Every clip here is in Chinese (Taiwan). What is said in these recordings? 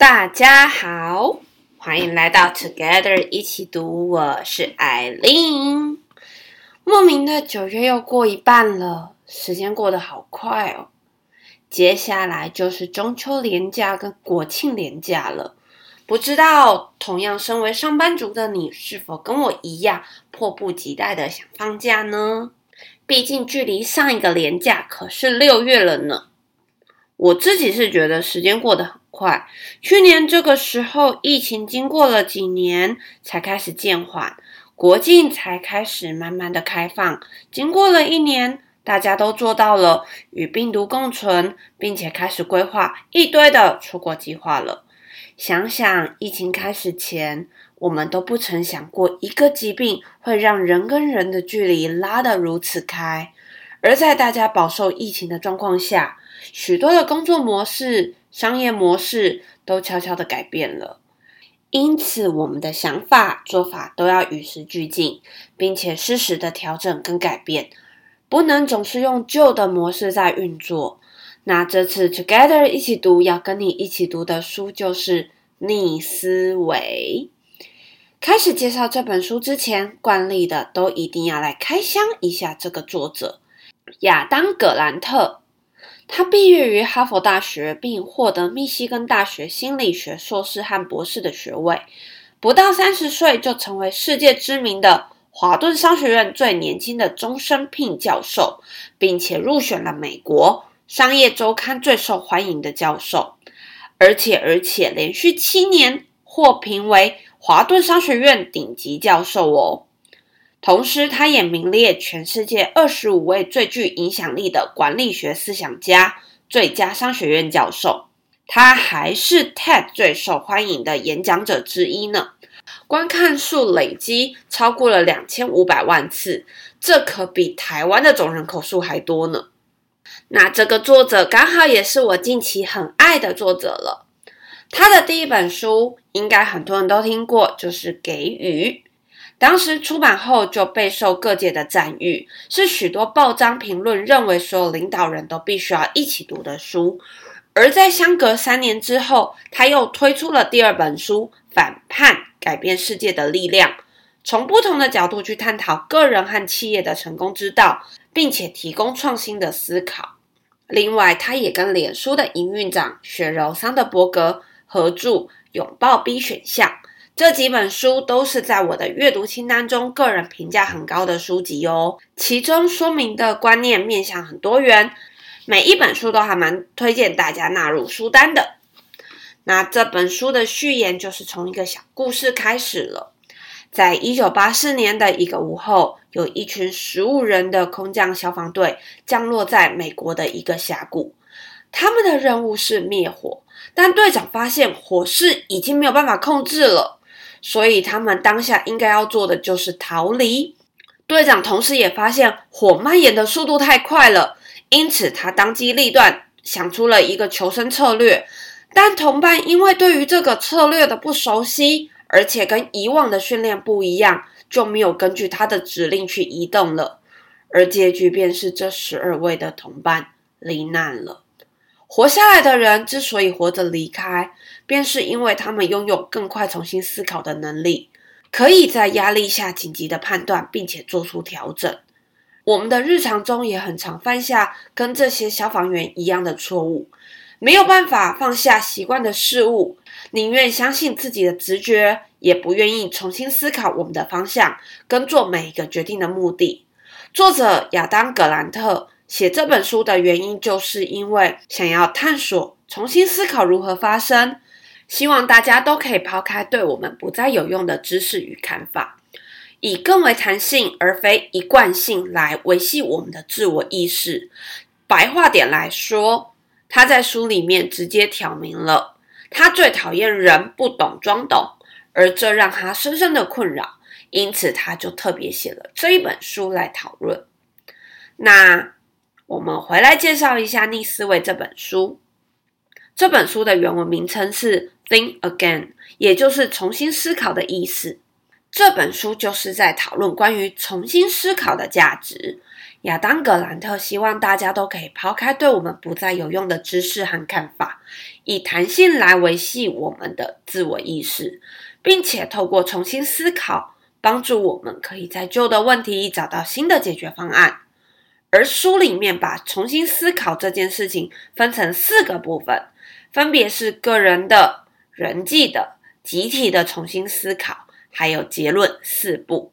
大家好，歡迎來到 Together 一起讀，我是 Aileen。莫名的九月又過一半了，時間過得好快哦。接下來就是中秋連假跟國慶連假了，不知道同樣身為上班族的你，是否跟我一樣迫不及待的想放假呢？畢竟距離上一個連假可是六月了呢。我自己是覺得時間過得快！去年這個時候，疫情經過了幾年才開始漸緩，國境才開始慢慢的開放。經過了一年，大家都做到了與病毒共存，並且開始規劃一堆的出國計劃了。想想疫情開始前，我們都不曾想過一個疾病會讓人跟人的距離拉得如此開。而在大家飽受疫情的狀況下，許多的工作模式。商業模式都悄悄的改變了，因此我們的想法做法都要與時俱進，並且適時的調整跟改變，不能總是用舊的模式在運作。那這次 Together 一起讀要跟你一起讀的書就是《逆思維》。開始介紹這本書之前，慣例的都一定要來開箱一下這個作者亞當·格蘭特。他畢業於哈佛大學，並獲得密西根大學心理學碩士和博士的學位。不到三十歲就成為世界知名的華頓商學院最年輕的終身聘教授，並且入選了美國商業週刊最受歡迎的教授，而且而且連續七年獲評為華頓商學院頂級教授哦。同時，他也名列全世界二十五位最具影響力的管理學思想家、最佳商學院教授。他還是 TED 最受歡迎的演講者之一呢，觀看數累積超過了兩千五百萬次，這可比台灣的總人口數還多呢。那這個作者剛好也是我近期很愛的作者了。他的第一本書應該很多人都聽過，就是《給予》。當時出版後就備受各界的讚譽，是許多報章評論認為所有領導人都必須要一起讀的書。而在相隔三年之後，他又推出了第二本書《反叛：改變世界的力量》，從不同的角度去探討個人和企業的成功之道，並且提供創新的思考。另外，他也跟臉書的營運長雪柔桑德伯格合著《擁抱 B 選項》。這幾本書都是在我的閱讀清單中個人評價很高的書籍哦。其中說明的觀念面向很多元，每一本書都還蠻推薦大家納入書單的。那這本書的序言就是從一個小故事開始了。在一九八四年的一個午後，有一群十五人的空降消防隊降落在美國的一個峽谷，他們的任務是滅火，但隊長發現火勢已經沒有辦法控制了。所以他們當下應該要做的就是逃離。隊長同時也發現火蔓延的速度太快了，因此他當機立斷，想出了一個求生策略。但同伴因為對於這個策略的不熟悉，而且跟以往的訓練不一樣，就沒有根據他的指令去移動了。而結局便是這十二位的同伴罹難了。活下來的人之所以活着離開，便是因為他們擁有更快重新思考的能力，可以在壓力下緊急的判斷，並且做出調整。我們的日常中也很常犯下跟這些消防員一樣的錯誤，沒有辦法放下習慣的事物，寧願相信自己的直覺，也不願意重新思考我們的方向跟做每一個決定的目的。作者亞當·格蘭特寫這本書的原因，就是因為想要探索重新思考如何發生。希望大家都可以拋開對我們不再有用的知識與看法，以更為彈性而非一貫性來維繫我們的自我意識。白話點來說，他在書裡面直接挑明了，他最討厭人不懂裝懂，而這讓他深深的困擾，因此他就特別寫了這一本書來討論。那我們回來介紹一下《逆思維》這本書。這本書的原文名稱是 Think Again，也就是重新思考的意思。這本書就是在討論關於重新思考的價值。亞當·格蘭特希望大家都可以拋開對我們不再有用的知識和看法，以彈性來維繫我們的自我意識，並且透過重新思考，幫助我們可以在舊的問題找到新的解決方案。而書裡面把重新思考這件事情分成四個部分。分別是個人的、人際的、集體的重新思考，還有結論四部。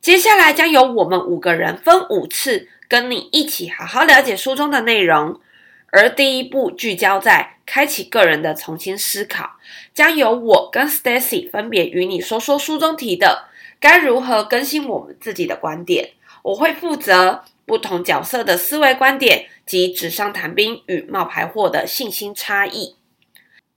接下來將由我們五個人分五次跟你一起好好了解書中的內容，而第一部聚焦在開啟個人的重新思考，將由我跟 Stacy 分別與你說說書中提的該如何更新我們自己的觀點。我會負責。不同角色的思維觀點及紙上談兵與冒牌貨的信心差異。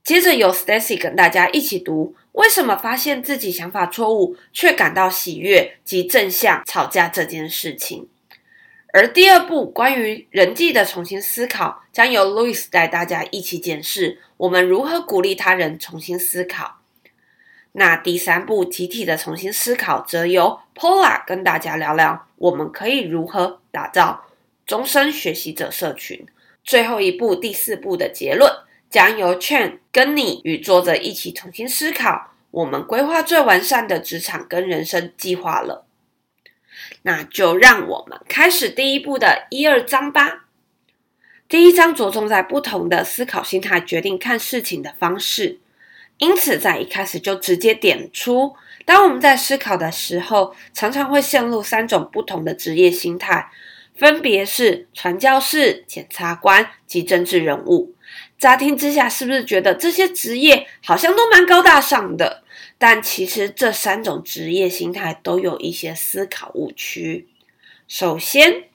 接着由 Stacy 跟大家一起讀，為什麼發現自己想法錯誤卻感到喜悅及正向吵架這件事情。而第二部關於人際的重新思考，將由 Lewis 帶大家一起檢視我們如何鼓勵他人重新思考。那第三部，集體的重新思考，則由 Paula 跟大家聊聊，我們可以如何打造終身學習者社群。最後一部，第四部的結論，將由 Chen 跟你與作者一起重新思考，我們規劃最完善的職場跟人生計劃了。那就讓我們開始第一部的一二章吧。第一章着重在不同的思考心態，決定看事情的方式。因此，在一開始就直接點出，當我們在思考的時候，常常會陷入三種不同的職業心態，分別是傳教士、檢察官及政治人物。乍聽之下，是不是覺得這些職業好像都蠻高大上的？但其實，這三種職業心態都有一些思考誤區。首先，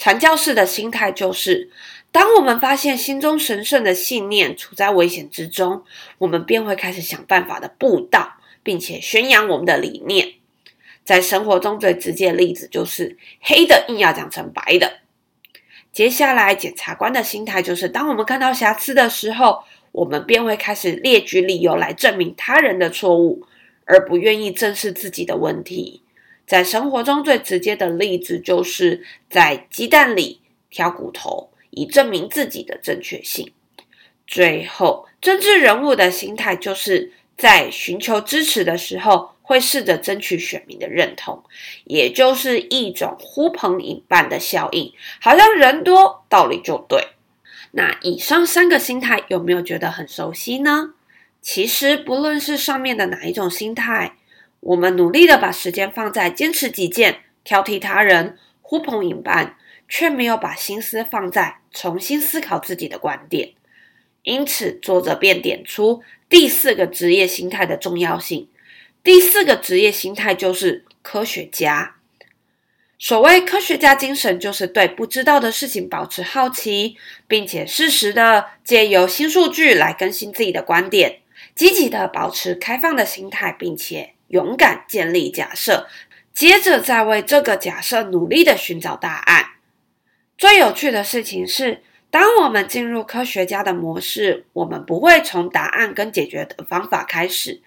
傳教士的心態就是。當我們發現心中神聖的信念處在危險之中，我們便會開始想辦法的布道，並且宣揚我們的理念。在生活中最直接的例子就是黑的硬要講成白的。接下來檢察官的心態就是：當我們看到瑕疵的時候，我們便會開始列舉理由來證明他人的錯誤，而不願意正視自己的問題。在生活中最直接的例子就是在雞蛋裡挑骨頭。以證明自己的正確性。最後，政治人物的心態就是在尋求支持的時候，會試着爭取選民的認同，也就是一種呼朋引伴的效應，好像人多道理就對。那以上三個心態有沒有覺得很熟悉呢？其實，不論是上面的哪一種心態，我們努力的把時間放在堅持己見、挑剔他人、呼朋引伴。卻沒有把心思放在重新思考自己的觀點，因此作者便點出第四個職業心態的重要性。第四個職業心態就是科學家。所謂科學家精神，就是對不知道的事情保持好奇，並且適時的借由新數據來更新自己的觀點，積極的保持開放的心態，並且勇敢建立假設，接着再為這個假設努力的尋找答案。最有趣的事情是，當我們進入科學家的模式，我們不會從答案跟解決的方法開始，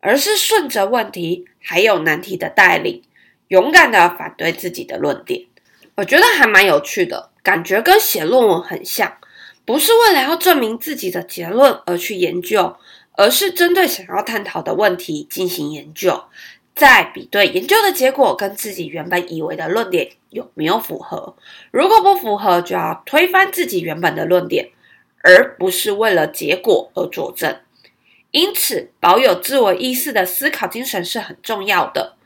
而是順着問題還有難題的帶領，勇敢的反對自己的論點。我覺得還蠻有趣的，感覺跟寫論文很像，不是為了要證明自己的結論而去研究，而是針對想要探討的問題進行研究。在比對研究的結果跟自己原本以為的論點有沒有符合，如果不符合，就要推翻自己原本的論點，而不是為了結果而佐證。因此，保有自我意識的思考精神是很重要的。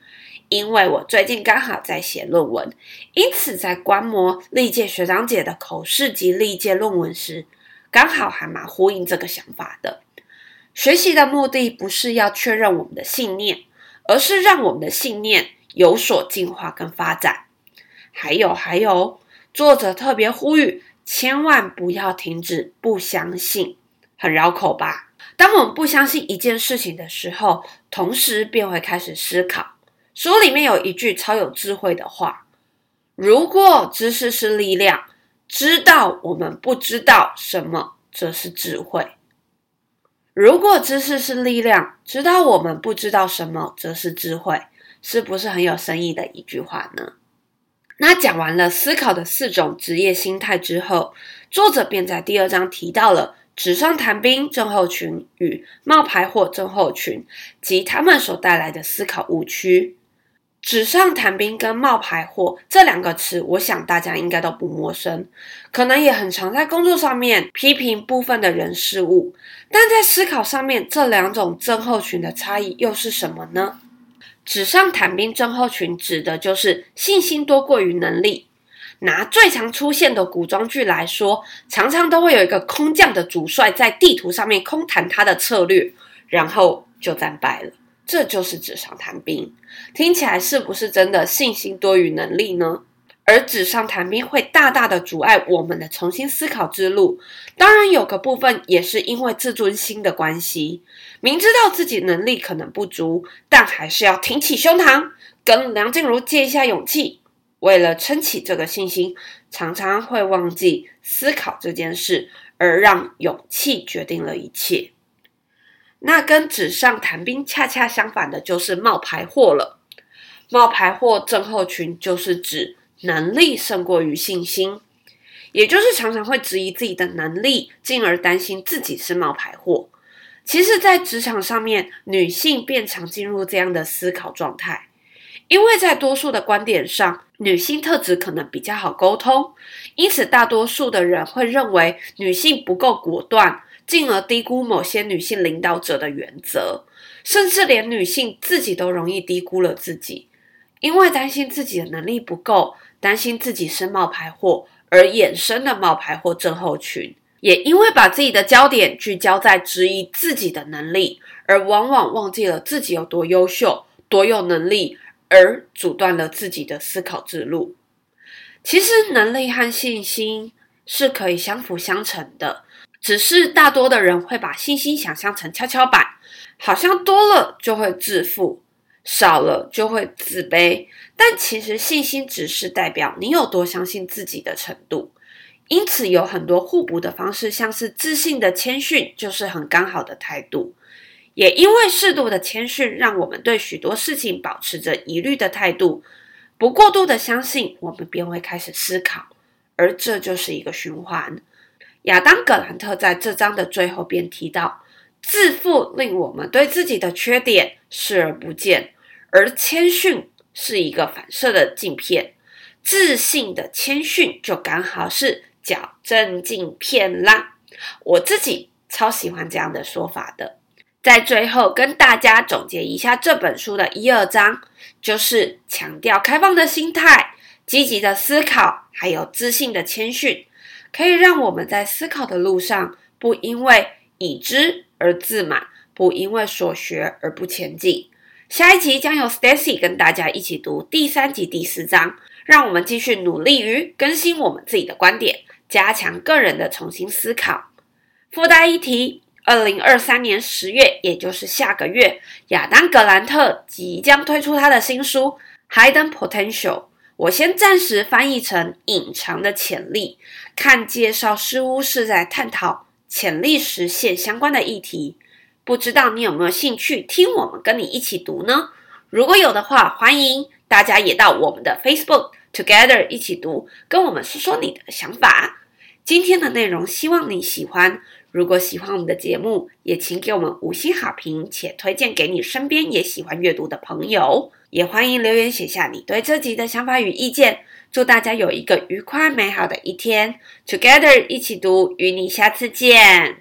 因為我最近剛好在寫論文，因此在觀摩歷屆學長姐的口試及歷屆論文時，剛好還蠻呼應這個想法的。學習的目的不是要確認我們的信念。而是讓我們的信念有所進化跟發展。還有還有，作者特別呼籲，千萬不要停止不相信，很繞口吧？當我們不相信一件事情的時候，同時便會開始思考。書裡面有一句超有智慧的話：“如果知識是力量，知道我們不知道什麼，則是智慧。”如果知識是力量，知道我們不知道什麼，則是智慧，是不是很有深意的一句話呢？那講完了思考的四種職業心態之後，作者便在第二章提到了紙上談兵症候群與冒牌貨症候群及他們所帶來的思考誤區。紙上談兵跟冒牌貨這兩個詞，我想大家應該都不陌生，可能也很常在工作上面批評部分的人事物。但在思考上面，這兩種症候群的差異又是什麼呢？紙上談兵症候群指的就是信心多過於能力。拿最常出現的古裝劇來說，常常都會有一個空降的主帥在地圖上面空談他的策略，然後就戰敗了。這就是紙上談兵，聽起來是不是真的信心多於能力呢？而紙上談兵會大大的阻礙我們的重新思考之路。當然，有個部分也是因為自尊心的關係，明知道自己能力可能不足，但還是要挺起胸膛，跟梁靜茹借一下勇氣。為了撐起這個信心，常常會忘記思考這件事，而讓勇氣決定了一切。那跟紙上談兵恰恰相反的，就是冒牌貨了。冒牌貨症候群就是指能力勝過於信心，也就是常常會質疑自己的能力，進而擔心自己是冒牌貨。其實，在職場上面，女性便常進入這樣的思考狀態，因為在多數的觀點上，女性特質可能比較好溝通，因此大多數的人會認為女性不夠果斷。進而低估某些女性領導者的原則，甚至連女性自己都容易低估了自己，因為擔心自己的能力不夠，擔心自己是冒牌貨，而衍生的冒牌貨症候群，也因為把自己的焦點聚焦在質疑自己的能力，而往往忘記了自己有多優秀、多有能力，而阻斷了自己的思考之路。其實，能力和信心是可以相輔相成的。只是大多的人會把信心想象成蹺蹺板，好像多了就會自負，少了就會自卑。但其實信心只是代表你有多相信自己的程度。因此，有很多互補的方式，像是自信的謙遜，就是很剛好的態度。也因為適度的謙遜，讓我們對許多事情保持着疑慮的態度，不過度的相信，我們便會開始思考，而這就是一個循環。亞當·格蘭特在這章的最後便提到，自負令我們對自己的缺點視而不見，而謙遜是一個反射的鏡片，自信的謙遜就剛好是矯正鏡片啦。我自己超喜歡這樣的說法的。在最後跟大家總結一下，這本書的一二章就是強調開放的心態、積極的思考，還有自信的謙遜。可以讓我們在思考的路上，不因為已知而自滿，不因為所學而不前進。下一集將由 Stacy 跟大家一起讀第三集第四章，讓我們繼續努力於更新我們自己的觀點，加強個人的重新思考。附帶一提，二零二三年十月，也就是下個月，亞當格蘭特即將推出他的新書《Hidden Potential》。我先暫時翻譯成“隱藏的潛力”，看介紹似乎是在探討潛力實現相關的議題。不知道你有沒有興趣聽我們跟你一起讀呢？如果有的話，歡迎大家也到我們的 Facebook Together 一起讀，跟我們說說你的想法。今天的內容希望你喜歡。如果喜歡我們的節目，也請給我們五星好評，且推薦給你身邊也喜歡閱讀的朋友。也歡迎留言寫下你對這集的想法與意見。祝大家有一個愉快美好的一天！Together 一起讀，與你下次見。